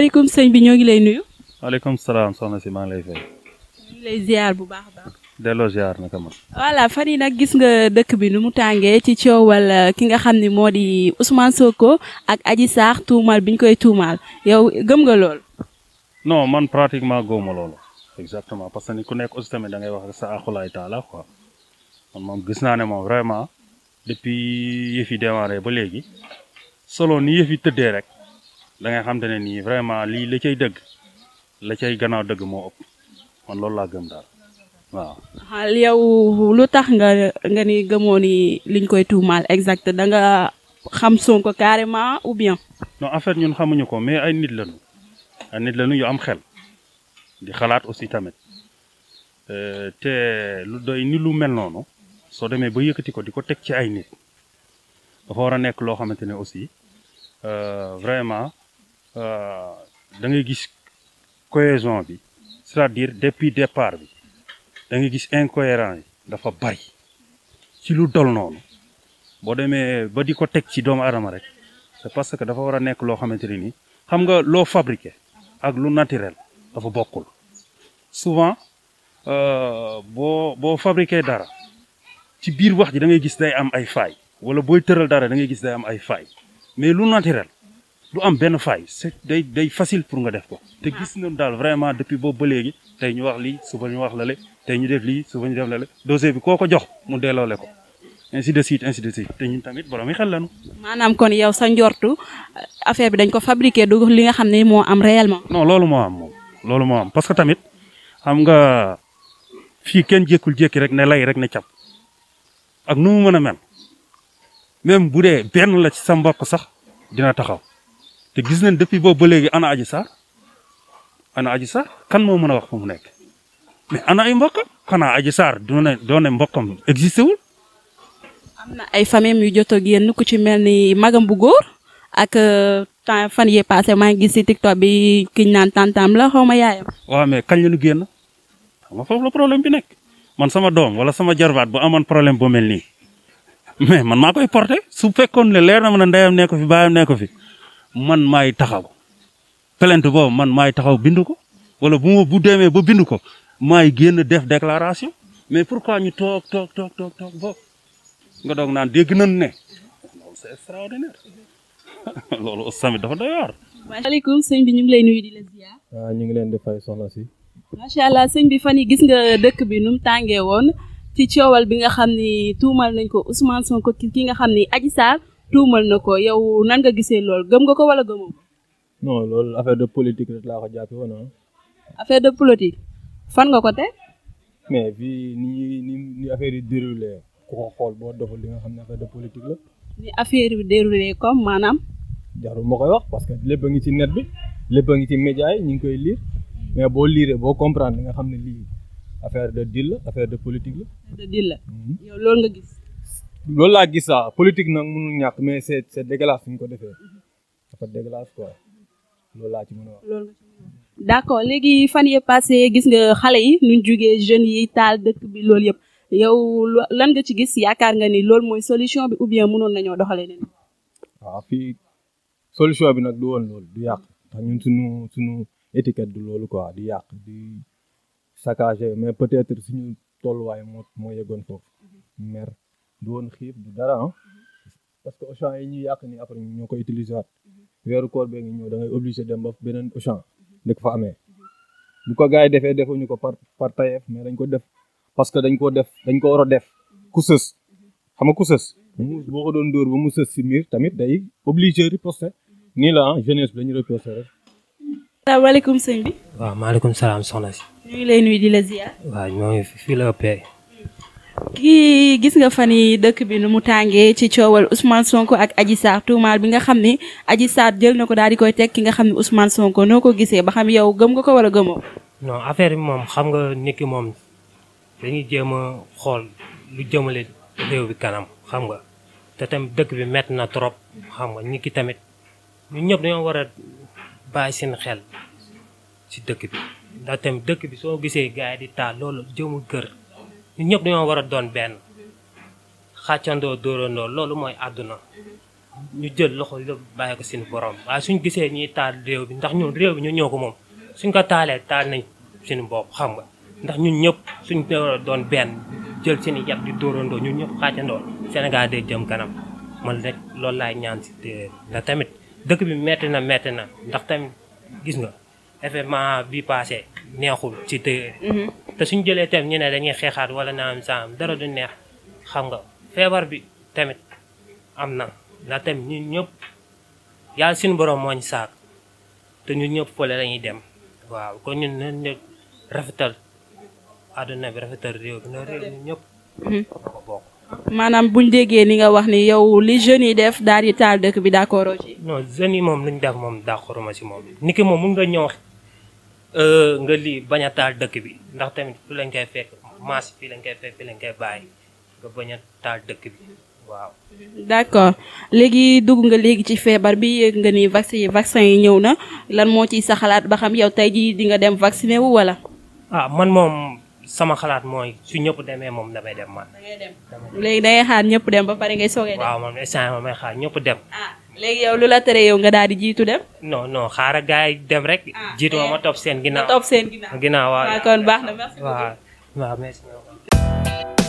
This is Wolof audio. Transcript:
maaleykum sëñ bi ñoo ngi lay nuyu. maaleykum salaam soxna si maa lay fay. bu baax a baax. delloo ziar naka ma. voilà fan yi nag gis nga dëkk bi nu mu tàngee ci coowal euh, ki nga xam ni moo di Ousmane Sonko ak Adji Sarr tuumaal bi ñu koy tuumaal yow gëm nga lool. non man pratiquement góoma loolu. exactement parce que ni ku nekk aussi tamit da ngay wax sa axulaay taala quoi man moom gis naa ne moom vraiment depuis yëf yi ba léegi solo ni yëf tëddee rek. da ngay xam ne nii vraiment li la cay dëgg la cay gannaaw dëgg moo ëpp man loolu la gëm daal waaw. yow lu tax nga nga ni gëmoo nii liñ koy tuumaal exact da nga xam Sonko carrément ou bien. non en fait ñun xamuñu ko mais ay nit lañu ay nit lañu yu am xel di xalaat aussi tamit euh, te lu doy ni lu mel noonu soo demee ba yëkkati ko di ko teg ci ay nit dafa war a nekk loo xamante ne aussi euh, vraiment. Euh, da ngay gis cohésion bi c'est-à-dire depuis départ bi da ngay gis incohérent yi dafa bari ci lu dol noonu boo demee ba di ko teg ci doomu aadama rek c'est parce que dafa war a nekk loo xamante ne nii xam nga loo fabriqué ak lu naturel dafa bokkul souvent euh, boo boo fabriqué dara ci biir wax ji da ngay gis day am ay faay wala booy tëral dara da ngay gis day am ay faay mais lu naturel du am benn faay day day facile pour nga def ko te ah. gis nañ daal vraiment depuis boobu ba léegi tey ñu wax lii suba ñu wax lale tey ñu def lii suba ñu def lale dossier bi koo ko jox mu delloole ko ainsi de suite ainsi de suite te ñun tamit borom yi xel lañu. maanaam kon yow sa njortu affaire bi dañ ko fabriqué du li nga xam ne moo am réellement. non loolu am moom loolu moo am parce que tamit xam nga fii kenn jékkul jékki rek ne lay rek ne cap ak nu mu mën a mel même bu dee benn la ci sa mbokk sax dina taxaw. te gis nañ depuis boobu ba léegi ana Adji Sarr ana Adji Sarr kan moo mën a wax fa mu nekk mais ana ay mbokkam xanaa Adji Sarr doone doone mbokkam existé wul. am na ay famille yu jot a ku ci mel ni magam bu góor ak euh, temps fan yii passé maa ngi gis si TikTok bi kiñ naan tantam la xaw ma yaayam. waaw mais kañ la ñu génn xam nga la problème bi nekk man sama doom wala sama jarbaat boo amoon problème boo mel nii mais man maa koy porté su fekkoon ne leer na ma ne ndeyam nekk fi baayam nekk fi. man maay taxaw plainte boobu man maay taxaw bind ko wala bu mu bu demee ba bind ko maay génn def déclaration mais pourquoi ñu toog toog toog toog toog boobu nga doog naan dégg nañ ne loolu c'est extraordinaire loolu aussi tamit dafa doy waar. maaleykum sëñ bi ñu ngi lay nuyu di la ah, ñu ngi leen di fay soxna si. macha allah sëñ bi fan yi gis nga dëkk bi nu mu tàngee woon ci coowal bi nga xam ni tuumal nañ ko Ousmane ko ki nga xam ni Adji Sarr tuumal na ko yow nan nga gisee lool gëm nga ko wala gëmoo ko. non loolu affaire de politique rek laa ko jàppee woon de politique fan nga ko mais fii ni ni ni affaire yi déroulé ku ko xool boo deful li nga xam ne affaire de politique la. ni affaire yi déroulé comme maanaam. jarul ma koy wax parce que lépp ngi ci net bi lépp ngi ci média ñu ngi koy lire mais boo liiree boo comprendre nga xam ne lii affaire de deal affaire de politique mhm. nga gis. loolu laa gis ah politique nag mënul ñàkk mais c'est c'est dégueulasse ñu ko defee dafa dégueulasse loolu laa ci mën a wax. léegi fan yëpp passé gis nga xale yi nu ñu jugee jeunes yi taal dëkk bi loolu yëpp yow lan nga ci gis yaakaar nga ni loolu mooy solution bi ou bien mënoon nañoo doxalee ne waaw fii solution bi nag du woon loolu du yàq ndax ñun suñu suñu étiquette du loolu quoi du yàq du saccagé mais peut-être suñu tolluwaay moo moo yeggoon foofu mhm. mer. du woon xiif dara ah parce que Auchan yi ñuy yàq ni après ñoo koy utiliser waat weeru koor bee ngi ñëw da ngay dem ba beneen Auchan dëkk fa amee bu ko gars yi defee defuñu ko par par tayeef mais dañ ko def parce que dañ ko def dañ ko war a def ku sës xam ku sës boo ko doon dóor ba mu sës si miir tamit day obligé riposter nii la ah jeunesse bi dañu riposter rek. asalaamaaleykum sëñ bi. waaw maaleykum salaam soxna si. ñu ngi lay nuyu di la ziar. waaw ñoo fi la kii gis nga fa yi dëkk bi nu mu tàngee ci coowal Ousmane Sonko ak aji Sarr tuumaal bi nga xam ne aji Sarr jël na ko daal di koy teg ki nga xam ne Ousmane Sonko noo ko gisee ba xam yow gëm nga ko wala gëmoo. non affaire bi moom xam nga nit ki moom dañuy jéem a xool lu jëmale réew bi kanam xam nga te tamit dëkk bi metti na trop xam nga nit ki tamit ñun ñëpp dañoo war a bàyyi seen xel ci dëkk bi ndax tamit dëkk bi soo gisee gars di taal loolu jëmul kër. ñu ñëpp dañoo war a doon benn xàccandoo dóorandoo loolu mooy àdduna ñu jël loxo lépp bàyyi ko seen borom waaye suñ gisee ñuy taal réew bi ndax ñu réew ñu ñoo ko moom suñ ko taalee taal nañ seen bopp xam nga ndax ñu ñëpp suñ doon benn jël seen i yàq di dóorandoo ñu ñëpp xàccandoo Sénégal de jëm kanam man rek loolu laay ñaan si ndax tamit dëkk bi metti na metti na ndax tamit gis nga événement bi passé neexul ci téye. Mhm. te suñ jëlee tam ñu ne dañuy xeexaat wala naam saam dara du neex xam nga feebar bi tamit am na ndax tamit ñun ñëpp yàlla suñu borom moo ñu saak te ñu ñëpp fële la ñuy dem waaw kon ñun nañ rafetal àdduna bi rafetal réew bi na réew ñun ñëpp. Mhm. bokk maanaam buñ déggee ni nga wax ni yow li jeunes yi def daal di taal dëkk bi d'accord ci. non jeunes yi moom luñ def moom d'accord ma si moom niki moom mun nga ñëw. Euh, nga lii bañ taal dëkk bi ndax tamit fi lañ koy fekk maas fii lañ koy fekk fii lañ koy bàyyi nga bañ dëkk bi waaw. d'accord léegi dugg nga léegi ci feebar bi yéeg nga nii vaccin yi yi ñëw na lan moo ciy sa xalaat ba xam yow tey jii di nga dem vacciné wu wala. ah man moom sama xalaat mooy su ñëpp demee moom damay dem man. dem léegi dangay xaar ñëpp dem ba pare ngay soogee dem. waaw moom instant may xaar ñëpp dem. Ah. léegi yow lu la tere yow nga daal di jiitu dem. non non xaaral gars dem rek. Ah, jiitu ma ma topp seen ginnaaw ma topp seen ginnaaw. ginnaaw waaw ah, kon baax na merci